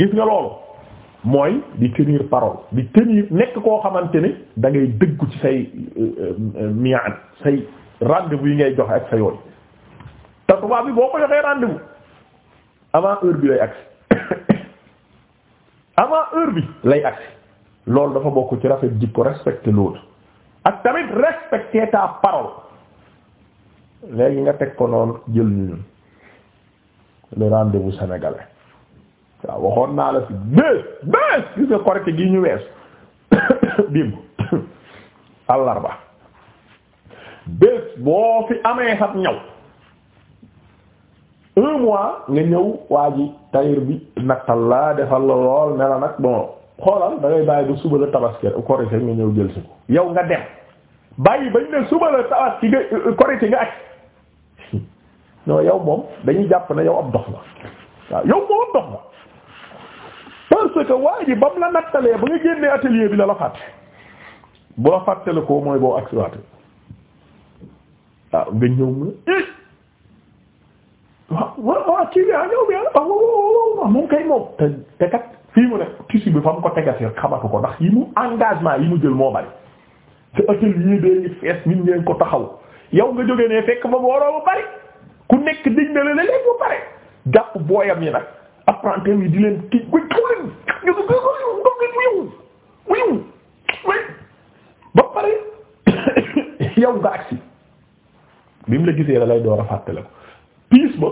gis nga loolu mooy di tenir parole di tenir nekk koo xamante ni da ngay dëggu ci say euh, euh, euh, mian say rendez-vous yi ngay joxe ak sa yooyu te tubaab bi boo ko joxee rendez-vous avant heure bi lay agsi avant heure bi lay agsi loolu dafa bokk ci rafet jikko respecter l'autre ak tamit respecter ta parole léegi nga teg ko noonu jël ñu ñun le rendez-vous sénégalais waaw waxoon naa la fi bés bés gis nga korite gi ñu wees dimb àllarba bés boo fi amee sab ñaw un mois nga ñëw waa ji tayir bi nattal la defal la lool ne la nag bon xoolal da ngay bàyyi ba suba la tabaski korite nga ñëw jël si ko yow nga euh, ak non yow moom dañuy jàpp ne yow ab dox la waaw yow moom ab dox la parce que waa ji ba mu la nattalee ba nga génnee atelier bi la la fàtte bu la fàtte la ko mooy boo accidenté waaw nga ñëw mu waaw waaw moom kay moom te te kat fii mu ne tissu bi fa mu ko tegasi xamatu ko ndax yi mu engagement yi mu jël moo bari te atelier bee ngi fees nit ngeen ko taxaw yow nga jógee ne fekk ba mu waroo ba bari ku nekk digg na la léeg ba pare jàpp booyam yi nag. apprenti yi di leen kii way tawlen ñu ko dom leen wuyu ba pare yow nga agsi bi mu la gisee da lay door a fàttale ko piis ba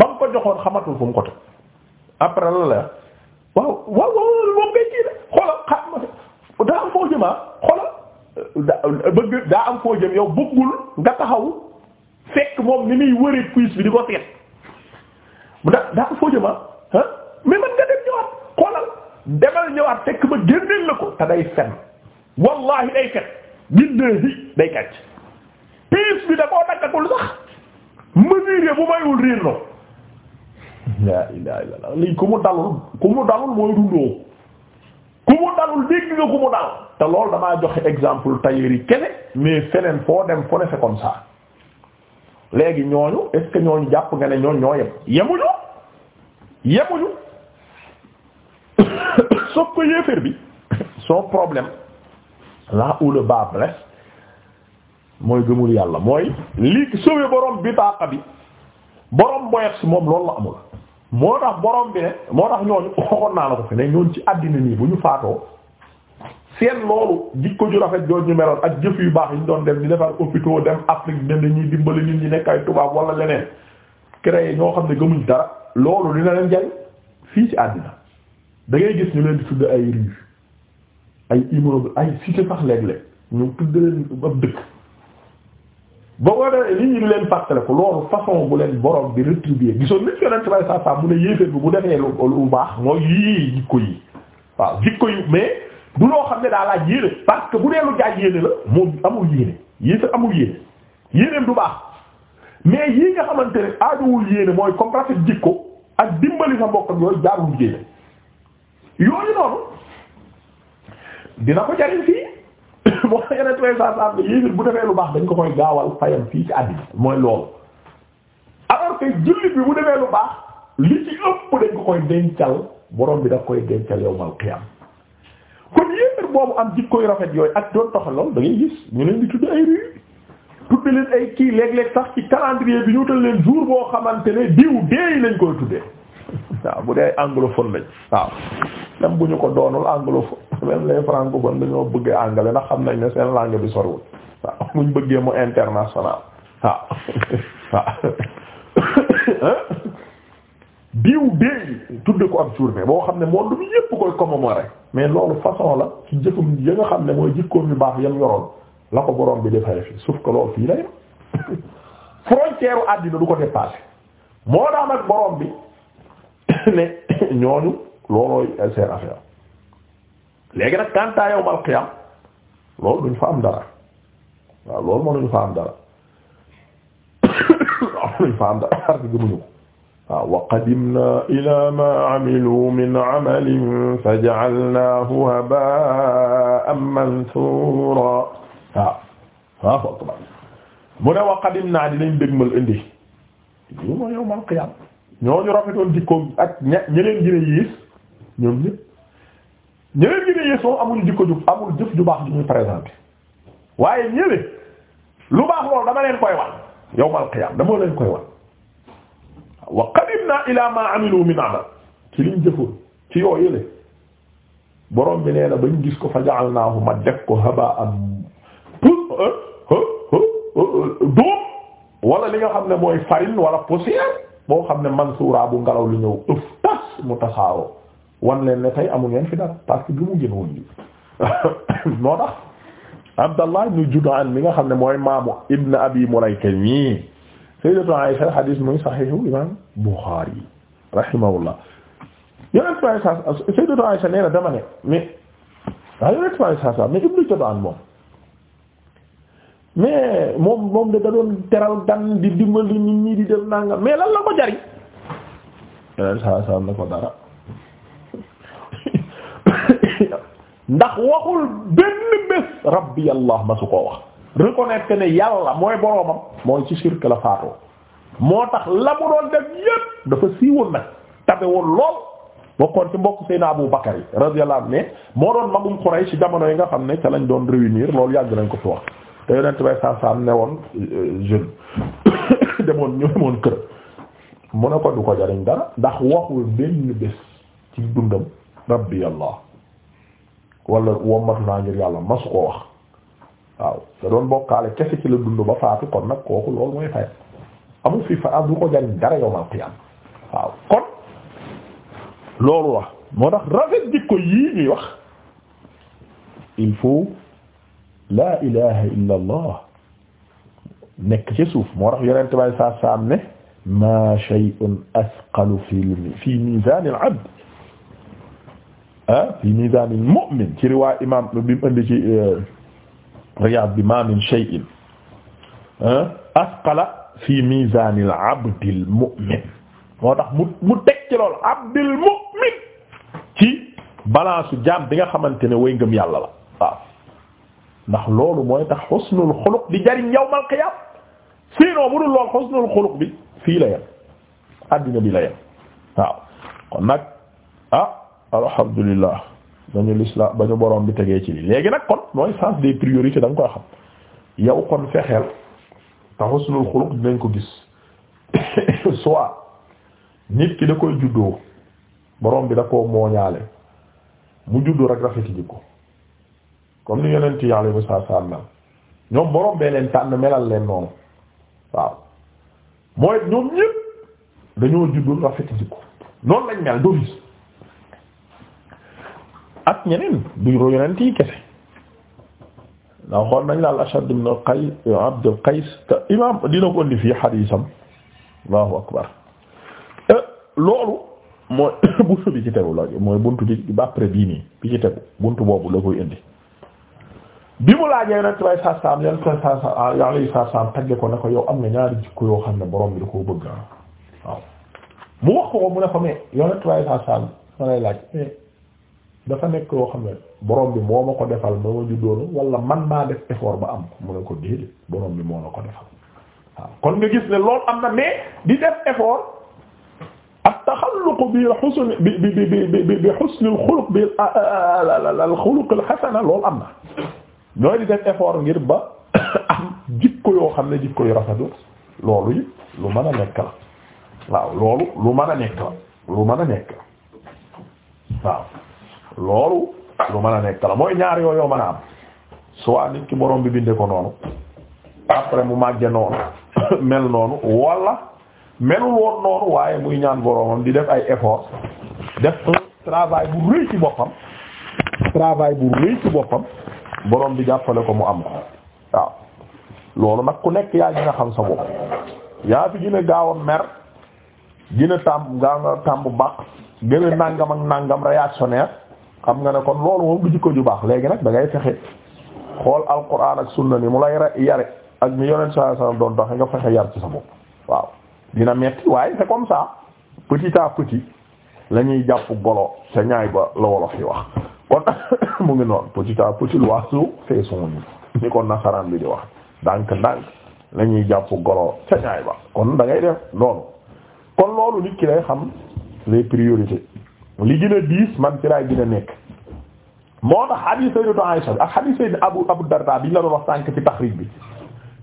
ba mu ko joxoon xamatul fu mu ko teg après la la waaw waaw waaw moom ngay kii de xoolal xaatma daa am foo jëmaa ah. xoolal da daa am foo jëm yow bëggul nga taxaw fekk moom ni muy wëri piis bi di ko seet da daa am foo jëmaa ah. ah mais man nga dem ñëwaat xoolal demal ñëwaat fekk ma génneel la ko te day fen wallahi day fen bindee day kàcc piis bi da koo daggagul sax mesure bu mayul riir no la ilaha illallah lii ku mu dalul ku mu dalul mooy dundoo ku mu dalul dégg nga ku mu dal te loolu damaa joxe exemple tailleur yi kene mais feneen foo dem fo ne c'est comme ça léegi ñooñu est ñooñu jàpp nga ne ñooñu ñoo yem yemuñu yemuñu sauf que yéeféer bi soo problème là où le bas mooy gëmul yàlla mooy li sauvé borom bitaaka bi borom boyex si moom loolu la amul moo tax borom bi ne moo tax ñooñu waxoon naa la ko fi ne ñooñu ci àddina nii bu ñu faatoo seen loolu jikko ju rafet jooju ñu meloon ak jëf yu baax yi ñu doon def ñu defar hôpitaux dem Afrique dem dañuy dimbali nit ñi nekk ay tubaab wala leneen créé ñoo xam ne gëmuñ dara loolu dina leen jariñ fii ci àddina dangay gis ñu leen di tudd ay rue ay immeuble ay cité sax léeg-léeg ñu tudd leen ab dëkk ba ko dee li leen fàttale ko loolu façon bu leen borom bi rétribuer gisoon nit yonent bay saa saa mu baax mooy yii jikko yi waaw jikko yu mais du loo xam ne daa laaj yéene parce que bu dee lu jaaj yéene la moom amul yéene yéeféer amul yéene yéeneem du baax mais yii nga xamante ne aajowul yéene mooy comme rafet jikko ak dimbali sa mbokk ak yooyu jaarul liggéey yooyu noonu dina ko jariñ fii moo yeneen treize cent cent yéegéer bu defee lu baax dañ ko koy gaawal fayam fii ci àddina mooy loolu alors que jullit bi bu defee lu baax li ci ëpp dañ ko koy dencal borom bi daf koy dencal yowmal qiyam kon yéegéer boobu am jikko rafet yooyu ak doon toxal lool da gis ñu leen di tudd ay rue tudde leen ay kii léeg-léeg sax ci calendrier bi ñu wutal leen jour boo xamante ne diw deey lañ koy tuddee waaw bu dee ay anglophone lañ waaw même bu ñu ko doonul anglophone même les francophones dañoo bëggee anglais ndax xam nañ ne seen langue bi sorwul waaw muñ bëggee mu international waaw waaw diw deey tudde ko ab journée boo xam ne monde bi yépp koy commémorer mais loolu façon la jëfum ya nga xam ne mooy jikkoom yu baax yam yoroon la ko borom bi defee fi sauf que loolu fii lay frontière u àddina du ko dépasser moo daam ak borom bi ne ñooñu loolooy seen affaire léegi nag kantaa yow mal xiyam loolu duñ fa am dara waaw loolu moo duñ dara duñ ko waaw ila ma amilu min amalin fa ja'alnahu haba'an waaw waaw fokk ba mu ne wa qadimna dinañ dégmal indi yoma yowmal qiyam ñooñu rafetoon jikko ak ña ñeneen gën a yiis ñoom ñëpp ñeneen gën a yiis moom amul jikko ju amul jëf ju baax ju ñuy présenté waaye ñële lu baax loolu dama leen koy wan yowmal qiyam dama leen koy wan wa qadimna ila ma amilu min amal ci liñ yoo yële borom bi nee na bañ gis ko fa ja'alnaahu ma def ko haba'an wala li nga xam ne mooy farine wala poussière moo xam ne mansuura bu ngelaw li ñëw ëf tas mu tasaaroo wan leen ne tey amu ngeen fi dara parce que mu gën woon moo tax Abdallah ibn Jud'an mi nga xam ne mooy maamu Ibn Abi Mulayka ñii Sayyidatu Aisha hadis muy sahihu imam Bukhari rahimahullah yonent bi Sayyidatu Aisha nee na dama ne mais waaw yonent bi mais Ibn Jud'an moom mais moom moom da doon teral gan di dimbali nit ñi di dem nanga mais lan la ko jariñ yeneen dara ndax waxul benn bés rabbi allah ma su ko wax reconnaître ne yàlla mooy boroomam mooy ci shirk la faatoo moo tax la mu doon def yépp dafa siiwoon nag tabe woon lool bokkoon ci mbokk Seydina Abu Bakar yi radiyallahu anhu moo doon magum Quraysh ci jamono yi nga xam ne ca lañ doon réunir loolu yàgg nañ ko fi wax te yonent bay saasaam ne woon euh, jeune demoon ñu demoon kër mu ne ko du ko jariñ dara ndax waxul benn bés ci dundam rabbi allah wala wommatu naa ngir yàlla masu koo wax waaw te doon bokkaale kese ci la dund ba faatu kon nag kooku loolu mooy fay amul fi fa du ko jariñ dara yowmal qiyam waaw kon loolu la moo tax rafet jikko yii ñuy wax il faut laa ilaha illa allah nekk ci suuf moo tax yonente bay saa saam ne ma shay'un asqalu fi fi mizan al abd ah fi mizan al mu'min ci riwaay imam bi mu indi ci eh, Riyad bi ma min shay'in ah, asqala fi mizan al abd al mu'min moo tax mu mu teg ci loolu abdul mu'min ci balance jaam bi nga xamante ne way ngëm yàlla la waaw ndax loolu mooy tax xusnul xuluq di jariñ yawmal qiyaam sinon bu dul lool xusnul xuluq bi fii la yem bi la waaw kon nag ah alhamdulillah dañu lislaam ba ñu borom bi tegee ci lii léegi nag kon mooy sens des priorités da koy xam yow kon fexeel te xusnul xuluq dinañ ko gis soit nit ki da koy juddoo borom bi da koo mooñaale mu juddu rek rafeti comme ni yonent yi alayhimu salaam mel ñoom borom bee leen tànn melal leen noonu waaw mooy ñoom ñépp dañoo juddu rafet jikko noonu lañ mel d'office ak ñeneen du yonent yi kese ndax xool nañ la al-Ashad ibn Qays Abdul Qays te imaam dina ko indi fii xadiisam Allahu akbar loolu mooy buntu bi ci tegu la mooy buntu bi après bii nii bi ci tegu buntu boobu la koy indi bi mu laajee yonent bay saasaam yonent saasaam alayhi ah, ko ne ko yow am na ñaari jikko yoo xam ne borom bi da koo bëgg ah, waaw mu wax ko ko mu ne ko mais yonent saasaam ma lay laaj mais dafa nekk yoo xam ne borom bi moo ma ko defal moo ma juddoon wala man maa def effort ba am ko mu ne ko déedéet borom bi moo la ko defal kon nga gis ne loolu am na mais di def effort ak taxalluq bi bi bi bi bi bi bi ah, al xasana loolu am na. ñooy di def effort ngir ba am jikko yoo xam ne jikko yu rafetu loolu yi lu mën a nekk la waaw loolu lu mën a nekk la lu mën a nekk la waaw loolu lu mën a nekk la mooy ñaar yooyu yoo mën a am soit nit ki borom bi bindee ko noonu après mu màgge noonu mel noonu wala melul woon noonu waaye muy ñaan boromam di def ay effort def un bu rëy ci boppam travail bu rëy ci boppam boroom bi jàppale ko mu am ko waaw loolu nag ku nekk yaa gën a xam sa bopp yaa fi gën a gaaw mer gën a tàmb gaaw nga tàmb baax gën a nàngam ak nàngam réactionnaire xam nga ne kon loolu moom du jikko ju baax léegi nag da ngay fexe xool alquran ak sunna ni mu lay yare ak mi yonent saa sallam doon doxe nga fexe yar ci sa bopp waaw dina metti waaye c'est comme ça petit à lañuy la ñuy jàpp golo sa ñaay ba la wolof yi wax kon mu ngi noonu petit à petit l'oiseau fait son nid ni kon nasaraan bi di wax ndànk ndànk la ñuy jàpp golo ca ba kon da ngay def loolu kon loolu nit ki lay xam les priorités li gën a diis man ci laay gën a nekk moo tax hadith Sayyidatu Aisha bi ak hadith Sayyidina Abu Abu Darda bi ñu la doon wax sànk ci taxrij bi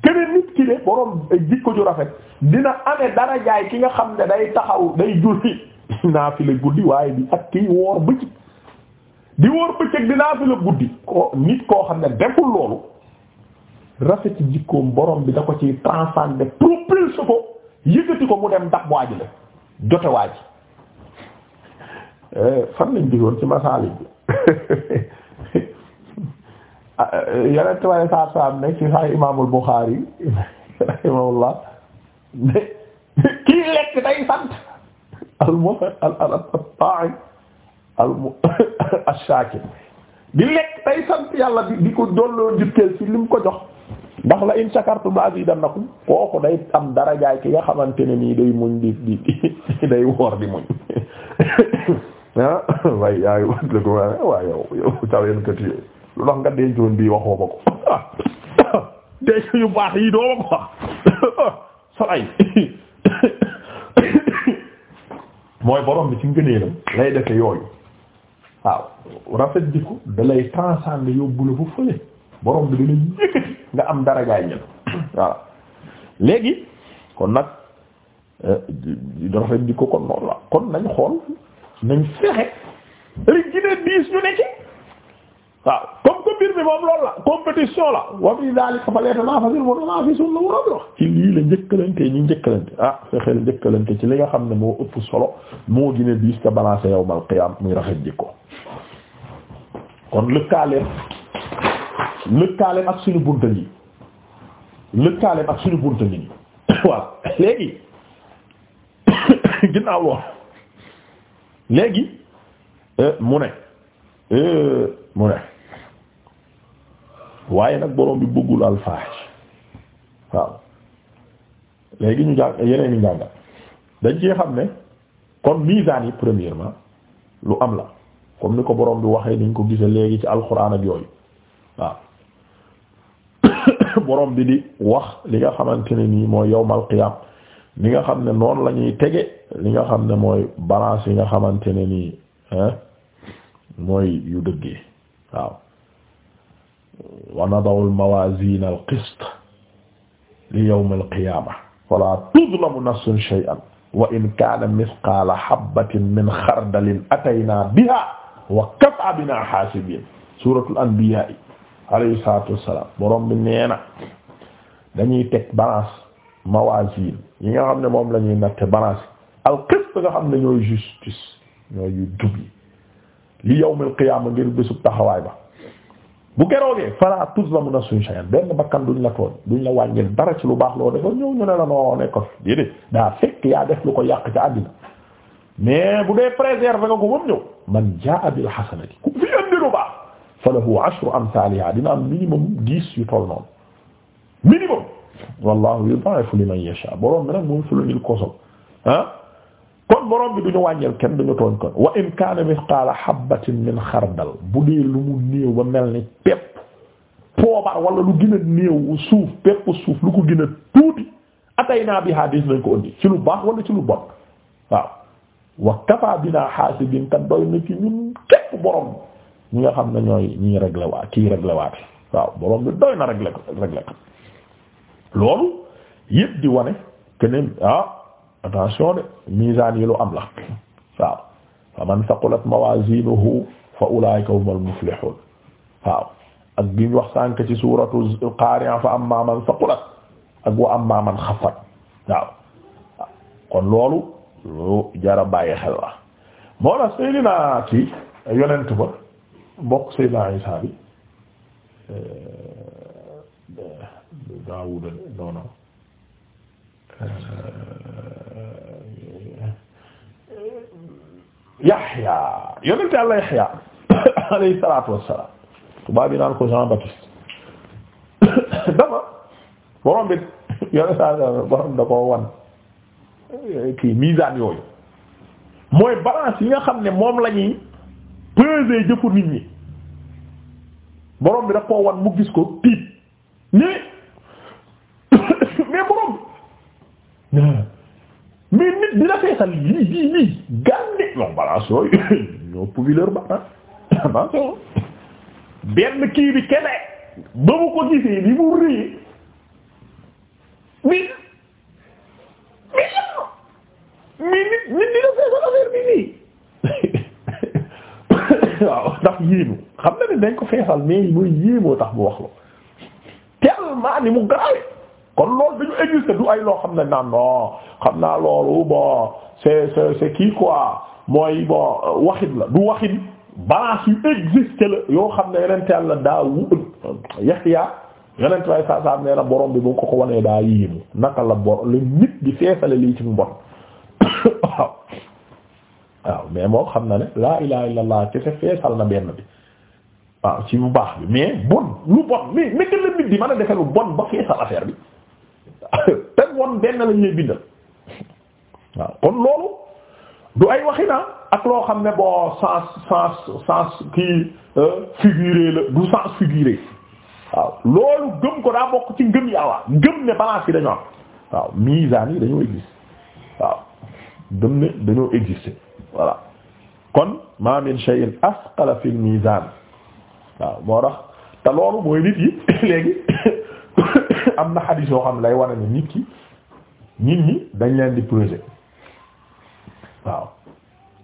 keneen nit ki de borom eh, jikko ju rafet dina amee dara jaay ki nga xam ne day taxaw day julli naa fi la guddi waaye bi ak kiy woor bëccëg di wóor bëccëg dinaa fi guddi ko nit koo xam ne deful loolu rafet jikkoom borom bi da ko ci transcender propulse ko yëkkati ko mu dem ndax waaj la jote waaj fan lañ digoon ci masaalik bi yeneen tubaab saa saa am nekk ci sax imaamul Buxaari rahimahullah kii lekk day sant al mo al al al al mu ash-shakir di lekk day sant yàlla di di ko dolloo jukkeel ci lim ko jox ndax la in shakartum la azidannakum kooku day am dara darajaay ki nga xamante ne nii day muñ di di day woor di muñ ah waaye yaa ngi wut la ko waaye yow yow taween kër yooyu lu tax nga dencoon bii waxoo ma ko denc yu baax yi doo ma ko wax salay mooy borom bi ci ngëneelam lay defe yooyu. waaw rafet jikko da lay transcender yóbbu la fa fële borom bi dina nga am daragaay ñël waaw léegi kon nag euh, rafet jikko kon noonu la kon nañ xool nañ fexe li gine diis ñu ne ci waaw comme que mbir mi moom loolu la compétition la wa fi daalika falyatanaafasil mutanaafisun la woroom la ci lii la njëkkalante ñu njëkkalante ah fexeel njëkkalante ci li nga xam ne moo ëpp solo moo gine diis te balancé yawmal qiyaam muy rafet jikko kon lëkkaaleem lëkkaaleem ak suñu bunta ngi lëkkaaleem ak suñu bunta ngi waaw léegi ginnaaw lool léegi euh, mu ne euh, mu ne waaye nag borom bi bëggul alfaahish waaw léegi ñu jàng yeneen ñu jàngal dañ ci xam ne kon misaan yi premièrement lu am la comme ni ko borom bi waxee niñ ko gisee léegi ci alxuraan ak yooyu waaw borom bi di wax li nga xamante ne nii mooy yawmal qiyam li nga xam ne noonu la ñuy tege li nga xam ne mooy balance yi nga xamante ne nii mooy yu dëggee waaw wa nadaw al mawazin al qist li yawm al qiyama fala tuzlamu nafsun shay'an wa in kana mithqala habatin min khardalin atayna biha wa kafaa binaa haasibiin suuratul anbiyaa alayhi salaatu wassalaam borom bi nee na dañuy teg balance mawaaziin yi nga xam ne moom la ñuy natte balance al qist nga xam ne ñooy justice ñooy yu dub li yawmil qiyaama ngir bésub taxawaay ba bu keroogee fala tuzlamu nafsun shay'an benn bakkan duñ la tooñ duñ la wàññil dara ci lu baax loo defoon ñëw ñu ne la noo nekkoon déedéet daa fekk yaa def lu ko yàq ca àddina mais bu dee préserver nga ko ba ñëw man jaa bil hasanati ku fi andi lu baax fa lahu ashru amthaliha dina am minimum dix yu toll noonu minimum wallahu yudaa'ifu liman yasha borom bi nag moom su la ñu ko soxla ah kon borom bi duñu wàññil kenn duñu tooñ kon wa in kaana mithqaala habatin min xardal bu dee lu mu néew ba mel ni pepp poobar wala lu gën a néew suuf pepp suuf lu ko gën a tuuti atay naa bi hadis nañ ko indi ci lu baax wala ci lu bon waaw wa kafa bina xaasibin te doy na ci ñun képp borom ñi nga xam ne ñooy ñi réglé waa kii réglé borom bi doy na réglé loolu yëpp di wane que ne ah attention de misaan yi am la waaw fa man saqulat mawazinuhu fa ulaika humul ak bi ñu wax sànk ci suuratu qaari'a fa amma man saqulat ak wa amma man xaffat kon loolu lu jara bàyyi xel la moo tax Seydina kii yonent ba bokk Seydina Isaa bi euh, Daawuda non non euh, Yaxya yonent Yàlla Yaxya alayhi tubaab bi naan ko Jean Baptiste dama borom bi yonent Yàlla borom da koo kii misaan yooyu mooy balance yi nga xam ne moom la ñuy peser nit ñi borom bi daf mu gis ko tiit ni mais borom bi nit dina feesal lii lii lii gànne ñoom balance yooyu ñoo populaire ba attention ah benn kii bi kene ba mu ko gisee li mu rëy mi mi nit nit di def seen affaire bi nii waaw ndax yéemu xam na ni dañ ko feesal mais mooy yéemoo tax mu wax la tellement ni mu garawe kon loolu dañu existé du ay loo xam ne naan non xam naa loolu bon c'est c'est c'est kii quoi mooy bon waxit la du waxit balance yu existé la yoo xam ne yeneen teel la daa wu Yaxya yeneen tubaab yi saa saa nee na borom bi bu ko ko wanee daa yéemu naka la bor la nit di feesale lii ci mu bon. waaw waaw mais moom xam na ne laa ilaha illallah kese feesal na benn bi waaw ci bu baax bi mais bon lu bon mais la nit di mën a defe lu bon ba feesal affaire bi te bon benn lañ bindal waaw kon loolu du ay waxi ak loo xam ne boo sens sens sens kii euh, figuré la du sens figuré waaw loolu gëm ko daa bokk ci ngëm yàlla gëm ne balance yi dañoo am waaw misaan yi dañoo gis waaw gëm ne dañoo exister voilà kon ma min shay'in asqala fil mizan waaw moo tax te mooy nit yi léegi am na xadiis yoo xam ne lay wane ne nit ki nit ñi dañ leen di peser waaw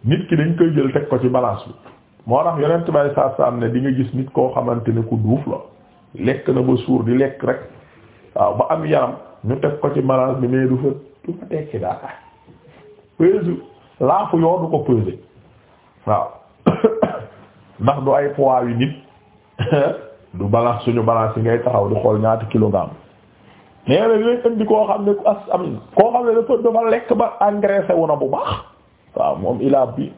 nit ki dañ koy jël teg ko ci balance bi moo tax yonent bay saa saa am ne di nga gis nit koo xamante ne ku duuf la lekk na ba suur di lekk rek waaw ba am yaram ñu teg ko ci balance bi mais du fa du fa tekki daal pesu laafu yoo du ko peser waaw ndax du ay poids yu nit du balance suñu balance yi ngay taxaw di xool ñaati kilo nee koo xam ne am koo xam ne lekk ba engraissé wu na bu baax waaw moom a bi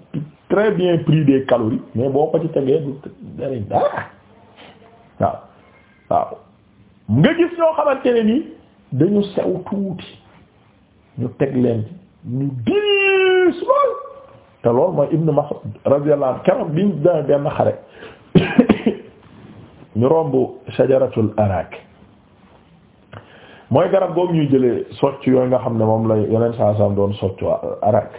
bien pris des calories mais boo ko ci tegee du dariñ dara waaw waaw dañu sew tuuti ñu teg leen ñu diis lool te lool mooy Ibn Mas'ud radiyallahu anhu keroog biñ demee benn xare ñu romb sajaratul arak mooy garab googu ñuy jëlee socc yooyu nga xam ne moom la yeneen saa saam doon soccu arak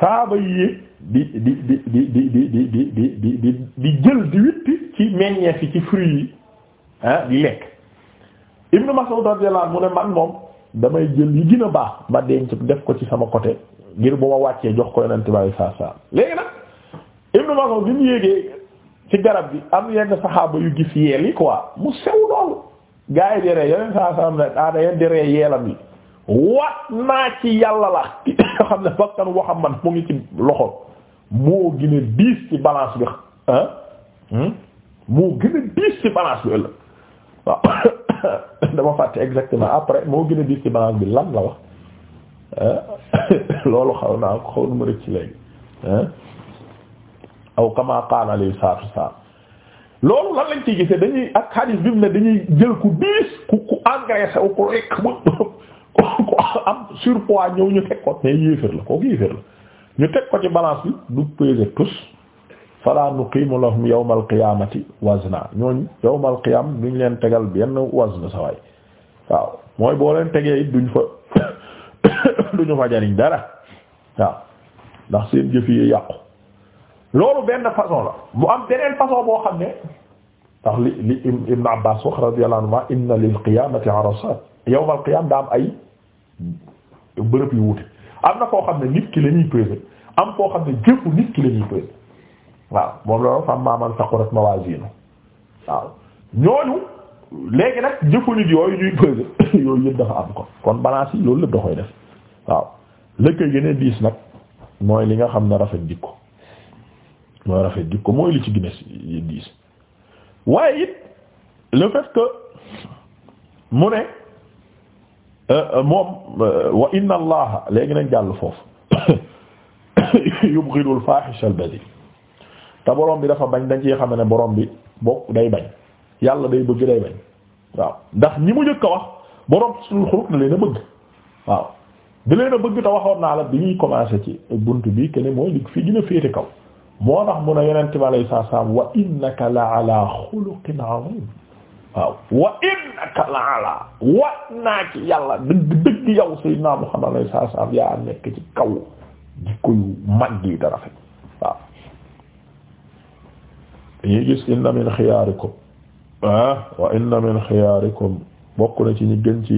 saaba yi di di di di di di di di di di di di jël di witti ci meññeef yi ci fruit yi ah di lekk Ibn Mas'ud radiyallahu anhu mu ne man moom damay jël yi gën a baax ma denc def ko ci sama côté ngir bu ma wàccee jox ko yonent bi saa saa léegi nag Ibnu Mas'ud bi mu yéegee ci garab bi am yenn saxaaba yu gis yeel yi quoi mu sew loolu gaa yi di ree yeneen saa saa am ah di ree yeelam yi wat naa ci yàlla la ki nga xam ne bakkan waxam man mu ngi ci loxo moo gën a diis ci balance bi ah hmm? moo gën a ci balance bi ëllëg dama fàtte exactement après moo gën a diis ci balance bi lan la wax loolu xaw naa ko xaw nu ma rëcc ci léegi aw kama qaala alayhi salaatu wassalaam loolu lan lañ ciy gisee dañuy ak xadis bi mu ne dañuy jël ku diis ku ku engraissé wu ku lekk ba ku am surpoids ñëw ñu teg ko mais yéeféer la kooku yéeféer la ñu teg ko ci balance bi du peser tous fala nuqimu lahum yawma alqiyamati wazna ñooñ yawma alqiyam duñ leen tegal benn wazn sa waay waaw mooy boo leen tegee it duñ fa duñu fa jariñ dara waaw ndax seen jëf yi yàqu loolu benn façon la bu am beneen façon boo xam ne ndax li li Ibn Abbas wax radiyallahu anhuma am ay bërëb yu wuute am na koo xam ne nit ki la ñuy am koo xam ne jëfu nit ki la ñuy waaw moom la fam maaman saqulat mawaazinu waaw ñooñu léegi nag jëfu nit yooyu ñuy peser yooyu yëpp dafa am ko kon balance loolu lépp da koy def waaw lëkkëy gën diis nag mooy li nga xam ne rafet jikko mooy rafet jikko mooy li ci gën a diis waaye it le que mu ne euh, moom euh, wa inna allaha léegi nañ jàll foofu yubghidul fahisha al badi te borom bi dafa bañ dañ ci xam ne borom bi bokk day bañ yàlla day bëgg day bañ waaw ndax ñi mu njëkk a wax borom suñu xuluk da leen a bëgg waaw da leen bëgg te waxoon naa la bi ñuy commencé ci bunt bi que ne mooy li fi gën a féete kaw moo tax mun a yonent bi alayhi salaam wa innaka la ala xuluqin la ala wa naa yow sayyidina Muhammad alayhi salaam yaa nekk ci kaw jikko yu mag yi dara fekk ñuy gis inna min xiyaarikum ah wa inna min ci ñi gën ci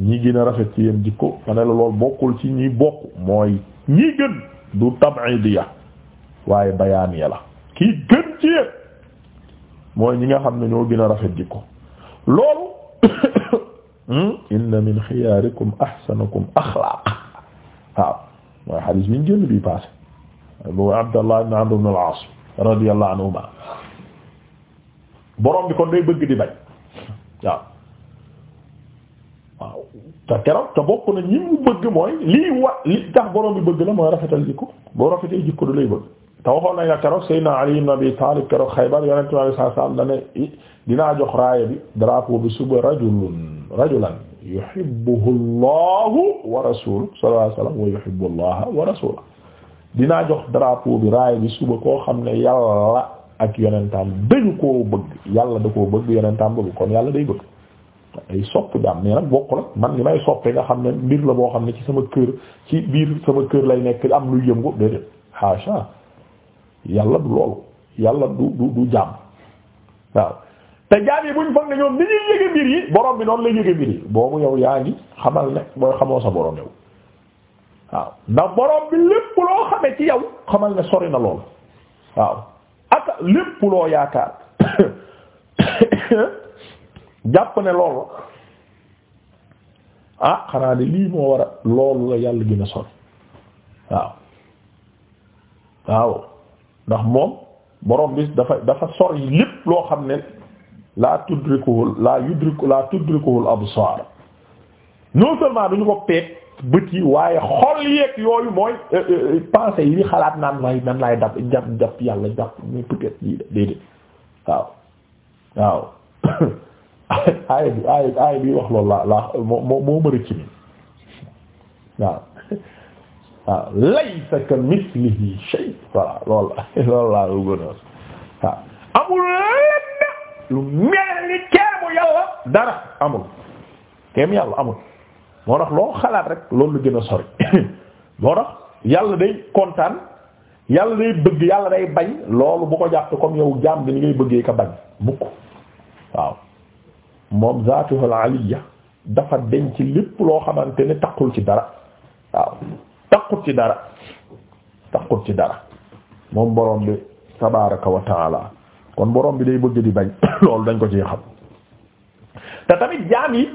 ñi gën a rafet ci yéen jikko ma ne lool bokkul ci ñi bokk mooy ñi gën du tabidiya waaye bayaaniya la kii gën ci mooy ñi nga xam ne ñoo gën a rafet jikko loolu hmm, inna min xiyaarikum ahsanakum axlaaq waaw mooy xadiis bi ñu génn bi passé bu Abdallah ibn Amr ibn al-As radiyallahu bi kon day bëgg di bañ waaw waaw te te bokk na bëgg mooy lii wa li tax borom bi bëgg la mooy rafetal jikko boo rafetee jikko du lay bëgg te waxoon nañ la keroog Seydina Ali ibn Abi Talib keroog Xaybar yonent bi saa saam da dinaa jox raaya bi drapeau bi suba rajulun rajulan yuhibbuhu Allahu wa rasuluhu sallallahu alayhi wa sallam dinaa jox drapeau bi raay bi suba koo xam ne yàlla ak yonentam dañu koo bëgg yàlla da koo bëgg yeneen yonentam bëgg kon yàlla day bëgg ay sopp jaam mais nag bokk la man li may soppee nga xam ne mbir la boo xam ne ci sama kër ci biir sama kër lay nekk am lu yëngu déedéet haasha yàlla du loolu yàlla du du du jaam waaw te jaam yi buñ foog ne ñoom ni ñuy yëge mbir yi borom bi noonu la yëge mbir yi boobu yow yaa ngi xamal ne booy xamoo sa borom waaw ndax borom bi lépp loo xamee ci yow xamal ne sori na lool waaw ak lépp loo yaakaar jàpp ne loolu ah xanaa de lii moo war a loolu la yàlla gën a sori waaw waaw ndax moom boroom bi dafa dafa sori lépp loo xam ne laa tudrikuhul laa yudriku laa tudrikuhul absar non seulement duñu ko peek bët yi waaye xol yeeg yooyu mooy euh, euh, euh, pensées yi xalaat naan way nan laay dab jàpp jàpp yàlla jàpp mais peut-être yi déedéet waaw waaw aaya bi aaya bi wax loolu la la moo moo mën a ci waaw waaw laysa ka mislihi shay voilà loolu loolu laa waaw amul lu mel ni keemu yàlla dara amul keemu yàlla amul moo tax loo xalaat rek loolu la gën a sori moo tax yàlla day kontaan yàlla day bëgg yàlla day bañ loolu bu ko jàpp comme yow jaam bi ni ngay bëggee ka bañ mukk waaw moom zaatuhul aliya dafa denc ci lépp loo xamante ne taqul ci dara waaw taqut ci dara taqut ci dara moom borom bi tabaraka wa kon borom bi day bëgg di bañ loolu dañ ko ci xam te tamit jaam yi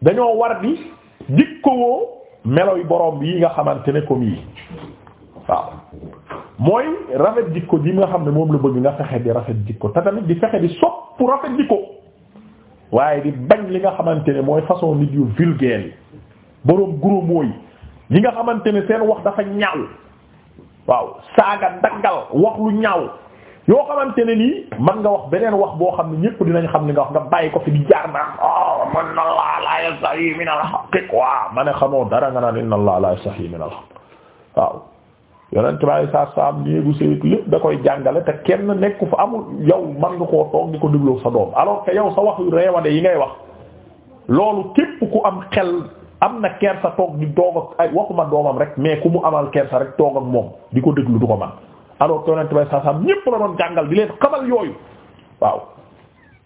dañoo war di jikko woo melo yu borom yi nga xamante ne comme yi waaw mooy rafet jikko ji nga xam ne moom la bëgg nga fexe di rafet jikko te tamit di fexe di sopp rafet ko waaye di bañ li nga xamante ne mooy façon nit yu vulgaire yi boroom gros mots yi nga xamante ne seen wax dafa ñaaw waaw saaga daggal wax lu ñaaw yoo xamante ne nii man nga wax beneen wax boo xam ne ñëpp dinañ xam ne nga wax nga bàyyi ko fi di jaar naan oh man allah la yastahi min al-haqq quoi ma ne xamoo dara nga naan inna allah la yastahi min al-haqq waaw yonent baay saa saam néegu séytu lépp da koy jàngale te kenn nekku fa amul yow man nga koo toog di ko déglu sa doom alors que yow sa wax yu reewande yi ngay wax loolu képp ku am xel am na kersa toog di toog ak waxuma doomam rek mais ku mu amal kersa rek toog ak moom di ko déglu du ko man alors que yonent bay saa saam ñépp la doon jàngal di leen xamal yooyu waaw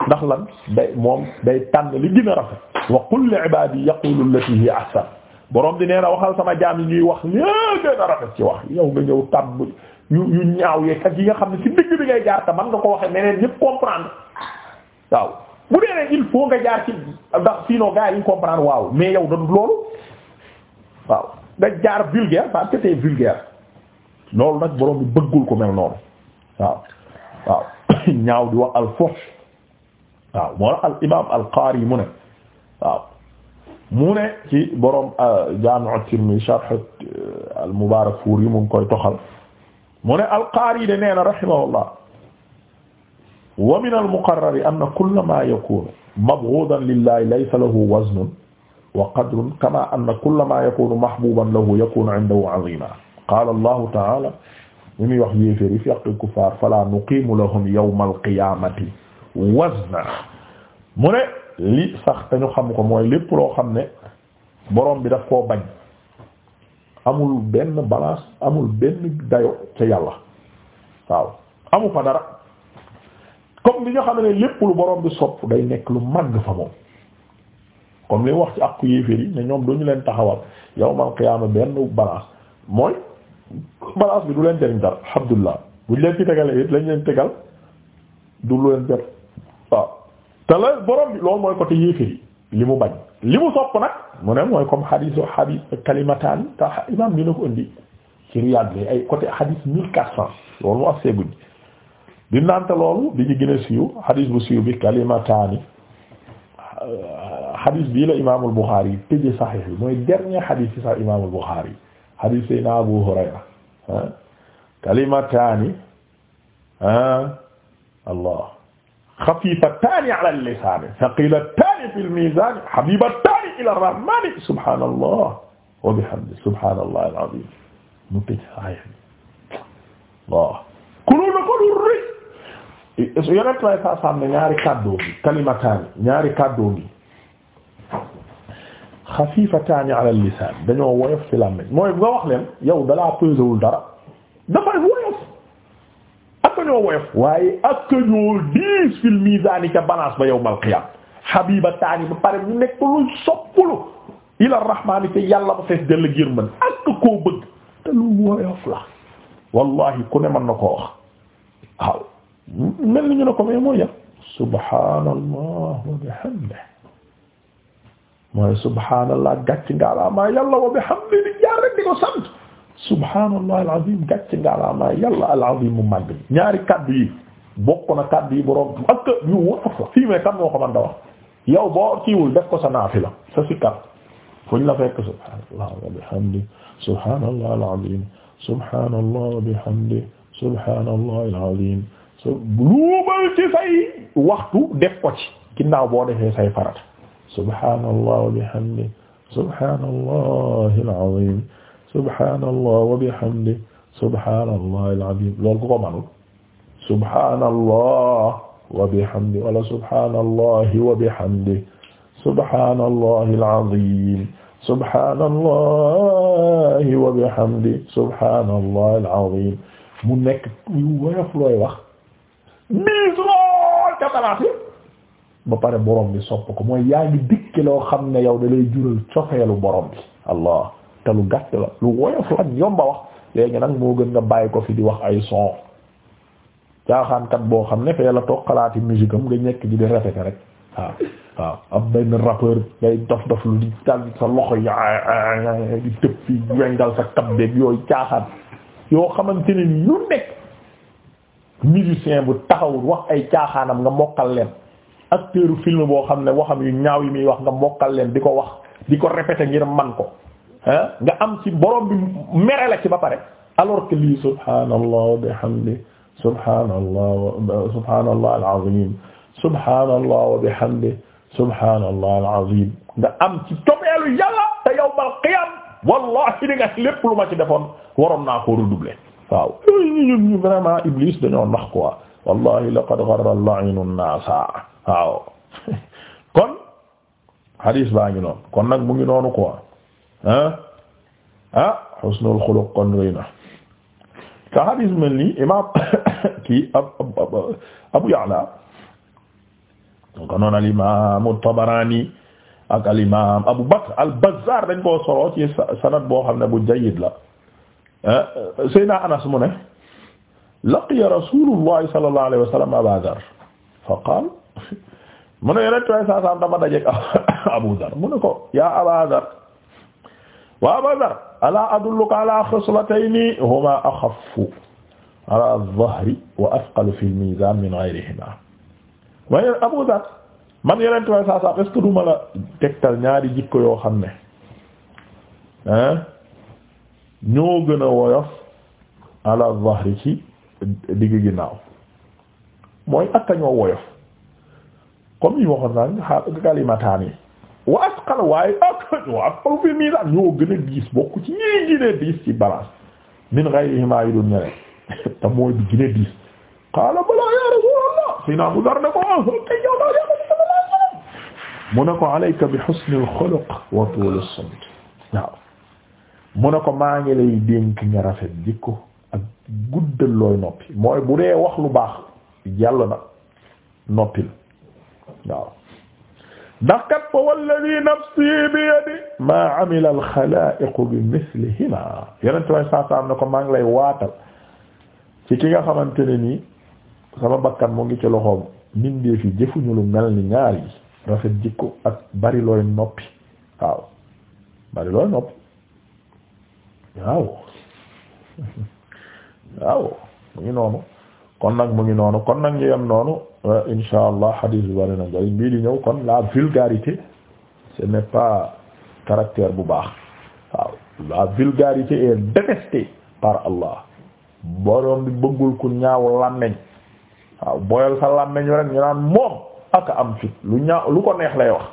ndax lan day moom day tànn li gën a rafet wa qul li ibadi yaqulu allati hiya ahsan borom di nee waxal sama jaam yi ñuy wax lée gën rafet ci wax yow nga ñëw tàbb yu yu ñaaw yeeg yi nga xam ne ci digg bi ngay jaar te man nga ko waxee neneen ñépp comprendre waaw bu dee ne il faut nga jaar ci ndax sinon gars yi comprendre waaw mais yow da loolu waaw nga jaar vulgaire loolu nag borom bi bëggul ko mel noonu waaw waaw ñaaw di wax al fuhsh waaw moo la al imaam al qaari mu ne waaw mu ne ci borom euh, jaami'u Tirmidhi sharh euh, al Mubaarakfuuri mu ngi koy toxal mu ne al qaari de nee na rahimahullah wa min al muqarrar anna kulla maa yakuunu mabghuudan lillaahi laysa lahu waznun wa qadrun kamaa anna kulla maa yakuunu mahbuuban lahu yakuunu 'indahu 'aziiman qaala allahu taala li muy wax yéeféer yi fiàq kuffar fala nuqiimu lahum yawma alqiyamati wazna mu ne li sax te ñu xam ko mooy lépp loo xam ne borom bi daf koo bañ amul benn balance amul benn dayo ca yàlla waaw amu fa dara comme li nga xam ne lépp lu borom bi sopp day nekk lu màgg fa moom comme li wax ci àqu yéeféer yi ne ñoom duñu leen taxawal yawmal qiyaama benn balance mooy balance bi du leen jëriñ dara alhamdulilah buñ leen ci tegalee it lañ leen tegal du leen jot waaw te la borom bi loolu mooy li mu bañ li mu sopp nag mu mooy comme hadith hadith kalimataan te imam bi na ko indi ci Riyad bi ay côté hadith mille quatre cent loolu mu afsee guñ di nante loolu di ci gën a siiw hadith bu siiw bi kalimataani hadith bii la imaamul Bukhari yi tëje saxiix bi mooy dernier hadith ci sax imaamul Bukhari yi hadith sayna Abu Hurayra kalimataani allah xafifataani ala lisaani saqilataani fil miizaani habibataani ila rahmaani subhaanallah wa bihamdihi subhaanallah al-aziim mu tëj aaya bi waaw kulool na ko du rëy yonent lay sa sam ne ñaari kàddu bi kalimataani ñaari kàddu bi xafifataani ala lisaan dañoo woyof ci làmmiñ mooy bu nga wax leen yow dalaa pesewul dara dafay woyof ak ñoo woyof waaye ak ñoo diis fil miizaani ca balance ba yawmal qiyaam xabibataani ba pare ñu nekk lu soppulu ila rahmaani te yàlla ba fees dell gir mën ak koo bëgg te lu wallahi ku ne mën na koo mel ni ñu ne ko mais mooy yam subhaanallah wa bihamdihi mooy subhaanallah gàcc ngaalaamaa yàlla wa bihamdi di jaar rek di ko sant subhaanallah alazim gàcc ngaalaamaa yàlla alazim mu màgg ñaari kaddu yi bokk na kaddu yi borom ak yu wóof la fii mais kan moo ko mën da wax yow boo kiiwul def ko sa naafila sa sikkar fu ñu la fekk subhaanallah wa bihamdi subhaanallah alazim subhaanallah wa bihamdi subhaanallah alazim luubal ci say waxtu def ko ci ginnaaw boo defee say farata subhanallah wa bihamdi subhanallahi alazim subhanallah wa bihamdi subhanallahi alazim loolu ku ko manul subhanallah wa bihamdi wala subhanallahi wa bihamdi subhanallahi alazim subhanallahi wa bihamdi subhanallahi alazim mu nekk yu woyof looy wax ba pare borom bi sopp ko mooy yaa ngi dikki loo xam ne yow da lay jural cofeelu borom bi allah te lu gàtt la lu woyof la yomba wax léegi nag moo gën nga bàyyi ko fi di wax ay son caaxaankat boo xam ne fee la toog xalaati musique am nga nekk di di répéter rek waaw waaw am benn rappeur ngay dof dof lu di dal sa loxo yi di tëb fi wengal sa tabbeeg yooyu yoo xamante ne ni ñu nekk musicien bu taxawul wax ay caaxaanam nga mokkal leen acteur film boo xam ne waxam yu ñaaw yi muy wax nga mokkal leen di ko wax di ko répéter ngir manko ko ah nga am ci borom bi mere la ci ba pare alors que lii subhaanallah wa bihamdi subhaanallah wa subhaanallah al-azim subhaanallah wa bihamdi subhaanallah am ci topeelu yàlla te wallahi di nga lépp ma ci defoon waroon naa ko redoubler waaw ñun Iblis dañoo nax quoi wallahi laqad gharra al-la'inu an-nasa waaw kon hadis baa ngi noon kon nag mu ngi noonu quoi ah ah husnul xuluq kon rëy na te mel nii imaam kii Abu Ya'la kon noonu al imaam ak al Abu Bakr al Bazzar dañ koo solo ci sanad boo ne bu jayyid la Seydina Anas mu ne laqiya Rasulullah sallallahu alayhi wa mu ne yonent way saa dajeek Abu Dhar mu ne ko yaa Aba Dhar wa Aba Dhar alaa adulluka alaa xislatayni huma axaffu alaa dhahri wa athqalu fil miizaan min ghayrihima wa Abu Dhar man yonent way duma la tegtal ñaari jikko yoo xam ne hein ñoo gën a woyof alaa dhahri ci digg ginnaaw mooy ak ñoo woyof comme yi waxoon naan xaal kalimataan yi wa asqal waaye ak wa asqal fi miizaan ñoo gën a diis bokk ci ñii gën a diis ci balance min ghayrihima yu dul ñeneen te mooy bi gën a diis qaala balaa ya rasulallah si naa Abuzar ne ko ah, kay yow daal yaa ko sallallahu mu ne ko mu ne maa ngi lay dénk nga rafet jikko ak guddal looy noppi mooy bu dee wax lu baax yàlla na noppil waaw ndax kat fa walladi nafsi bi yadi maa amila al xalaa'iqu bi mislihima yenente way saasaam ne ko maa ngi lay waatal ci ki nga xamante ne nii sama bakkan mu ngi ci loxoom mindee fi jëfuñu lu mel ni ñaar yi rafet jikko ak bari looy noppi waaw bari looy noppi waaw waaw mu ngi noonu kon nag mu ngi noonu kon nag ñu yem noonu euh, insha allah hadis bi bari na bii di ñëw kon la vulgarité ce n'est pas caractère bu baax waaw la vulgarité est détestée par Allah boroom bi bëggul ku ñaaw làmmeñ waaw boyal sa làmmeñ rek ñu naan moom aka am fit lu ñaaw lu ko neex lay wax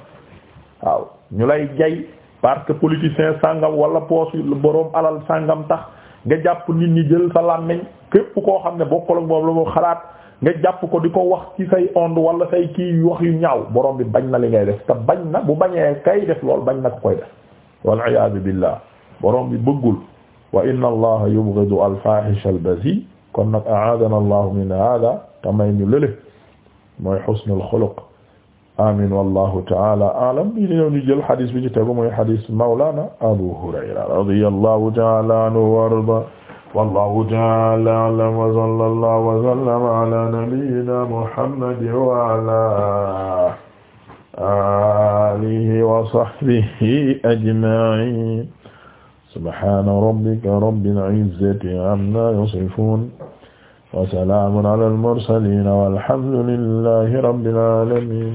waaw ñu lay jay parce politicien sàngam wala poos boroom alal sàngam tax nga jàpp nit ñi jël sa làmmiñ képp koo xam ne bokkul ak moom la mu xalaat nga jàpp ko di ko wax ci say onde wala say kii wax yu ñaaw borom bi bañ na li ngay def te bañ na bu bañee kay def lool bañ na ko koy def wal iyaadu billah borom bi bëggul wa inna allaha yubghidu al fahisha al bazi kon nag a'adana allahu min hada te may ñu lële mooy xusnul xuluq amin wallahu taala alam bi ñëw ñu jël xadis bi ci tegu mooy xadis mawlana abu hurayra radiyallahu taala anhu wa arda wallahu taala alam wa sallallahu wa sallama ala nabiyyina muhammad wa ala alihi wa sahbihi ajma'in subhana rabbika rabbil izzati amma yasifun wa salamun ala al mursalin walhamdulillahi rabbil alamin